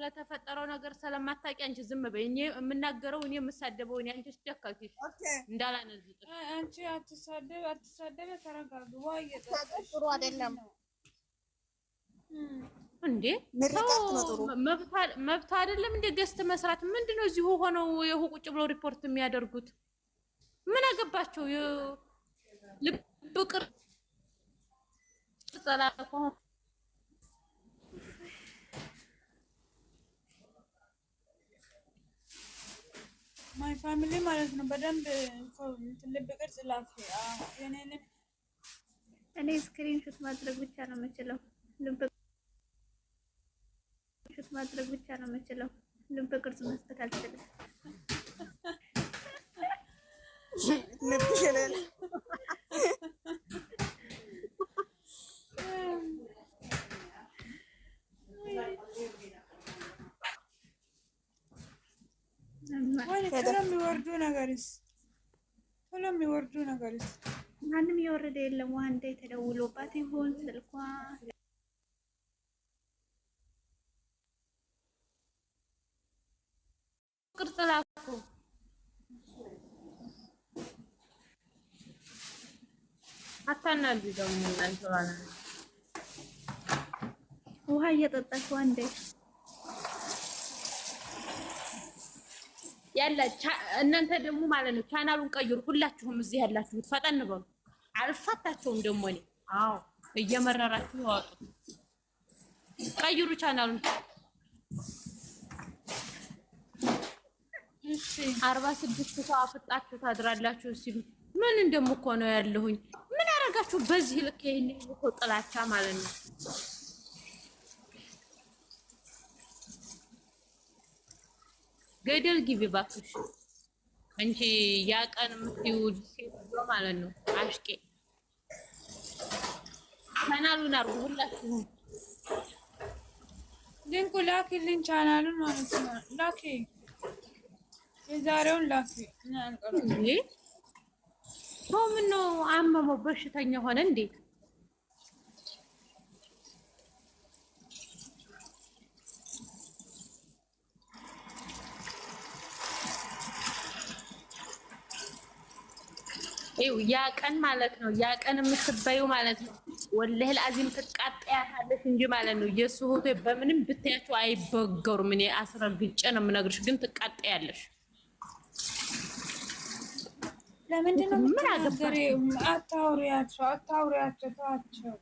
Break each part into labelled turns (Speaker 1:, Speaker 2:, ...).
Speaker 1: ስለተፈጠረው ነገር ስለማታውቂ አንቺ ዝም በይ። እኔ የምናገረው እኔ የምሳደበው እኔ አንቺ ስደካኪ እንዳላነዝጥ
Speaker 2: አንቺ አትሳደብ አትሳደብ። ተረጋግ። ዋ
Speaker 1: ጥሩ አይደለም እንዴ መብት አይደለም እንዴ ገዝት መስራት ምንድነው? ነው? እዚሁ ሆነው የሁ ቁጭ ብለው ሪፖርት የሚያደርጉት ምን አገባቸው? ልብ ቅር ጸላ ከሆነ
Speaker 2: ማይ ፋሚሊ ማለት ነው። በደንብ ልብ ቅርጽ ላፍ የኔንም
Speaker 1: እኔ ስክሪንሾት ማድረግ ብቻ ነው የምችለው። ልብ ቅርጽ ማድረግ ብቻ ነው የምችለው። ልብ ቅርጽ መስጠት አልችልም።
Speaker 2: ነገርስ ቶሎ የሚወርዱ ነገርስ
Speaker 1: ማንም የወረደ የለም። ዋንዴ ተደውሎባት ይሆን ስልኳ ቅርጽ ላኩ ውሃ እየጠጣች ያለ እናንተ ደግሞ ማለት ነው ቻናሉን ቀይሩ። ሁላችሁም እዚህ ያላችሁት ፈጠን በሉ። አልፋታቸውም ደግሞ እኔ አዎ፣ እየመረራችሁ ያወጡ ቀይሩ ቻናሉን። አርባ ስድስት ሰው አፍጣችሁ ታድራላችሁ ሲሉ ምን እንደምኮ ነው ያለሁኝ። ምን አረጋችሁ በዚህ ልክ ይሄን ጥላቻ ማለት ነው። ገደል ግቢ እባክሽ አንቺ ያ ቀን የምትውድ ሴትዮ ማለት ነው። አሽቄ ቻናሉን አድርጉ ሁላችሁም።
Speaker 2: ልንኩ ላኪልን፣ ቻናሉን ማለት ነው። ላኪ የዛሬውን ላኪ።
Speaker 1: ምነው አመመው? በሽተኛ ሆነ እንዴ? ይው ያ ቀን ማለት ነው። ያ ቀን የምትበዩ ማለት ነው። ወለህል አዚም ትቃጠያታለሽ እንጂ ማለት ነው። የእሱ ሆቴ በምንም ብታያቸው አይበገሩም። እኔ አስረግጬ ነው የምነግርሽ። ግን ትቃጠያለሽ። ለምንድን ነው ምን
Speaker 2: አታውሪያቸው፣ አታውሪያቸው፣ ተዋቸው።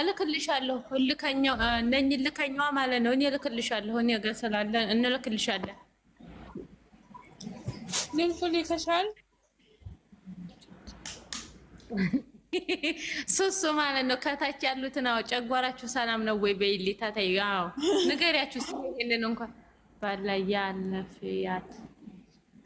Speaker 1: እልክልሻለሁ። ልከኛው ነኝ ልከኛዋ ማለት ነው። እኔ እልክልሻለሁ። እኔ ጋር ስላለ እንልክልሻለን።
Speaker 2: ልንኩል ይከሻል
Speaker 1: ሱሱ ማለት ነው። ከታች ያሉትን አዎ፣ ጨጓራችሁ ሰላም ነው ወይ በይሊ ታታዩ። አዎ ንገሪያችሁ። ስለሄንን እንኳን ባላያ ለፍያት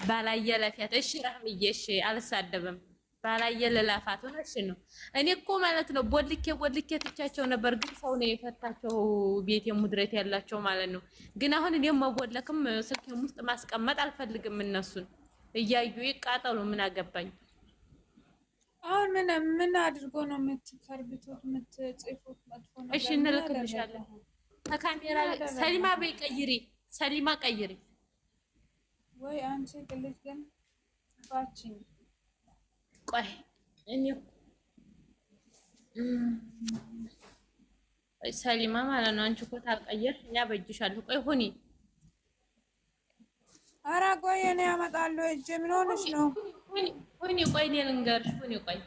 Speaker 1: ባላያ ለፊያት። እሺ ረህምዬ፣ እሺ አልሳደብም ባላየ ለላፋት ሆነሽ ነው። እኔ እኮ ማለት ነው ቦልኬ ቦልኬ ትቻቸው ነበር፣ ግን ሰው ነው የፈታቸው። ቤት የሙድረት ያላቸው ማለት ነው። ግን አሁን እኔ መቦለክም ስልኬም ውስጥ ማስቀመጥ አልፈልግም። እነሱን እያዩ ይቃጠሉ፣ ምን አገባኝ።
Speaker 2: አሁን ምን ምን አድርጎ ነው የምትከርብቱት የምትጽፉት? መጥፎ
Speaker 1: ነው። እሺ እንልክልሻለሁ። ከካሜራ ሰሊማ በይ ቀይሪ፣ ሰሊማ ቀይሪ
Speaker 2: ወይ አንቺ ቅልሽ ግን ባቺ
Speaker 1: ቆይ እኔ ሰሊማ ማለት ነው። አንቺ እኮ ታልቀየርሽ እኔ አበጅሻለሁ። ቆይ ሁኒ
Speaker 2: ኧረ ቆይ እኔ አመጣለሁ። እጄ ምን ሆነሽ ነው?
Speaker 1: ሁኒ ቆይ እኔ ልንገርሽ። ሁኒ ቆይ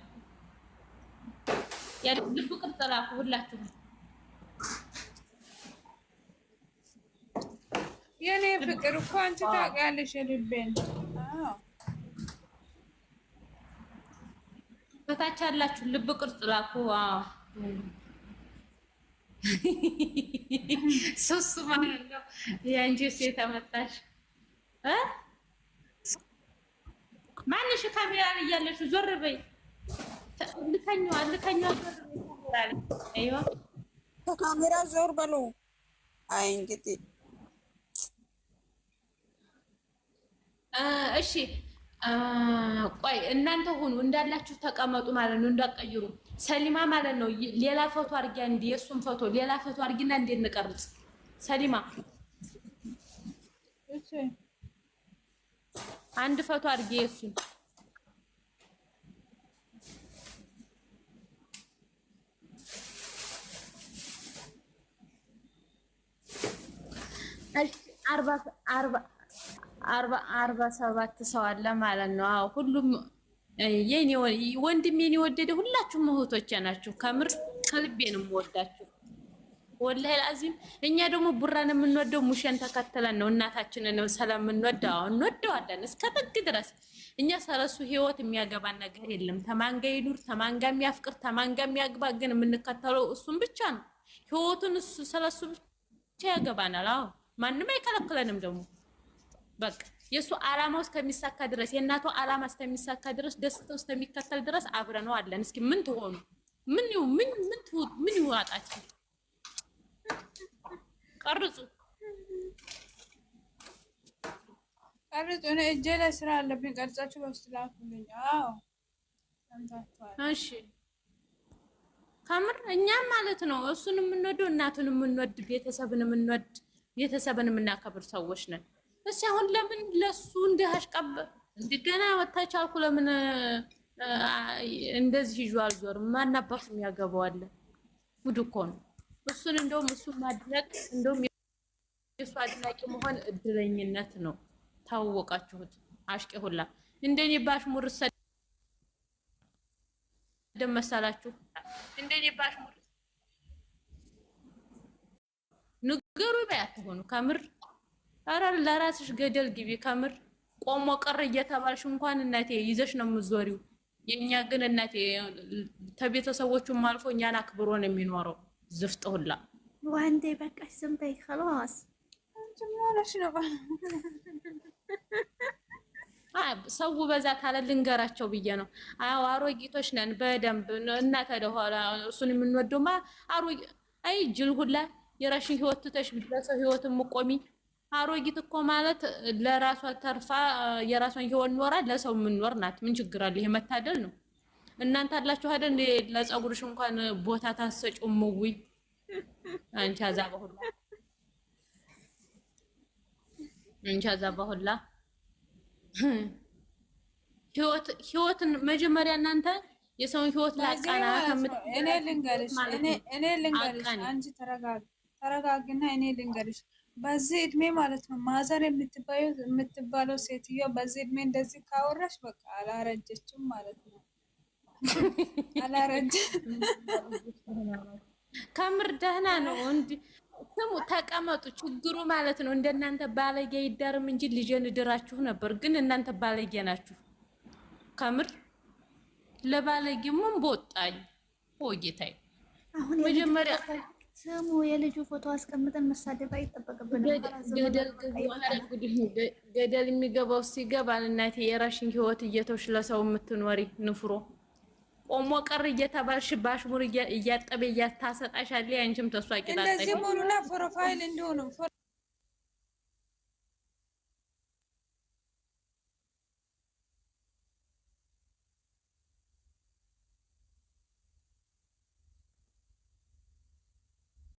Speaker 1: ልቡ ቅርጽ ላኩ ሁላችሁም።
Speaker 2: የኔ ፍቅር እኮ አንቺ ታውቂያለሽ የልቤን
Speaker 1: በታች ያላችሁ ልብ ቅርጽ ላኩ። ሶስት ማለት ነው። የአንቺ ሴት አመጣሽ። ማንሽ ካሜራ ላይ እያለሽ ዞር በይ። ልከኛዋ ልከኛዋ ዞር በይ።
Speaker 2: ከካሜራ ዞር በሉ። አይ እንግዲህ
Speaker 1: እሺ ቆይ እናንተ ሁኑ እንዳላችሁ ተቀመጡ ማለት ነው፣ እንዳቀይሩ ሰሊማ ማለት ነው። ሌላ ፎቶ አርጊያ እንዲ የእሱን ፎቶ ሌላ ፎቶ አርጊና እንዴ እንቀርጽ ሰሊማ። አንድ ፎቶ አርጊ የእሱን አርባ አርባ ሰባት ሰው አለ ማለት ነው። አዎ ሁሉም ወንድሜን የወደደ ሁላችሁም እህቶቼ ናችሁ። ከምር ከልቤ ነው የምወዳችሁ ወላሂ እኛ ደግሞ ቡራን የምንወደው ሙሸን ተከተለን ነው እናታችንን ስለምንወደው እንወደዋለን እስከ ጥግ ድረስ። እኛ ስለሱ ህይወት የሚያገባን ነገር የለም። ተማንጋ ይኑር፣ ተማንጋ የሚያፍቅር፣ ተማንጋ የሚያግባ፣ ግን የምንከተለው እሱን ብቻ ነው። ህይወቱን ስለሱ ብቻ ያገባናል። አዎ ማንም አይከለክለንም ደግሞ በቃ የእሱ አላማው እስከሚሳካ ድረስ የእናቷ አላማ እስከሚሳካ ድረስ ደስታው እስከሚከተል ድረስ አብረነው አለን። እስኪ ምን ትሆኑ ምን ምን ምን ምን ይዋጣችሁ? ቀርጹ
Speaker 2: ቀርጹ። እኔ እጄ ላይ ስራ አለብኝ። ቀርጻችሁ በውስጥ ላኩልኝ። አዎ
Speaker 1: እሺ። ከምር እኛም ማለት ነው እሱን የምንወደው እናቱን የምንወድ ቤተሰብን የምንወድ ቤተሰብን የምናከብር ሰዎች ነን። እስኪ አሁን ለምን ለሱ እንደ አሽቀበ እንዲገና ወታቻልኩ ለምን እንደዚህ ይዤ አልዞርም? ማናባቱ የሚያገባው አለ። ጉድ እኮ ነው። እሱን እንደውም እሱ ማድነቅ እንደውም የሱ አድናቂ መሆን እድለኝነት ነው። ታወቃችሁት አሽቄ ሁላ እንደኔ ባሽሙር ሰደም መሳላችሁ? እንደኔ ባሽሙር ንገሩ በያት ሆኑ ከምር ኧረ ለራስሽ ገደል ግቢ። ከምር ቆሞ ቀር እየተባልሽ እንኳን እናቴ ይዘሽ ነው የምዞሪው። የእኛ ግን እናቴ ከቤተሰቦቹም አልፎ እኛን አክብሮ ነው የሚኖረው። ዝፍጥ ሁላ
Speaker 2: ወንዴ በቃሽ፣ ዝም በይ ከላስ ጭምናለሽ ነው
Speaker 1: ሰው በዛ ካለ ልንገራቸው ብዬ ነው። አዎ አሮጊቶች ነን በደንብ እና ተደኋላ እሱን የምንወደውማ አሮ አይ ጅል ሁላ የራሽን ህይወት ትተሽ ለሰው ህይወት የምቆሚ አሮጊት እኮ ማለት ለራሷ ተርፋ የራሷን ህይወት ኖራ ለሰው የምንኖር ናት። ምን ችግር አለ? ይሄ መታደል ነው። እናንተ አላችሁ አይደል? ለፀጉርሽ እንኳን ቦታ ታሰጪው። ሙዊ አንቺ አዛባ ሁላ አንቺ አዛባ ሁላ ህይወት ህይወትን መጀመሪያ እናንተ የሰውን ህይወት
Speaker 2: ላቃና ከምት እኔ ልንገርሽ እኔ እኔ ልንገርሽ አንቺ ተረጋግ ተረጋግና እኔ ልንገርሽ በዚህ እድሜ ማለት ነው ማዘር የምትባለው ሴትዮ በዚህ እድሜ እንደዚህ ካወራሽ በቃ አላረጀችም ማለት ነው። አላረጀ
Speaker 1: ከምር ደህና ነው። እንዲ ስሙ ተቀመጡ። ችግሩ ማለት ነው እንደናንተ ባለጌ ይዳርም እንጂ ልጄን እድራችሁ ነበር፣ ግን እናንተ ባለጌ ናችሁ። ከምር ለባለጌ ምን በወጣኝ ሆ መጀመሪያ
Speaker 2: ስሙ የልጁ ፎቶ አስቀምጠን መሳደብ አይጠበቅብንም።
Speaker 1: ገደል የሚገባው ሲገባ እናቴ የራሽን ህይወት እየተውሽ ለሰው የምትኖሪ ንፍሮ ቆሞ ቀር እየተባልሽ ባሽሙር እያጠበ እያታሰጣሻለ አንቺም ተሷቂ ላ
Speaker 2: እንደዚህ መሆኑና ፕሮፋይል እንዲሆኑ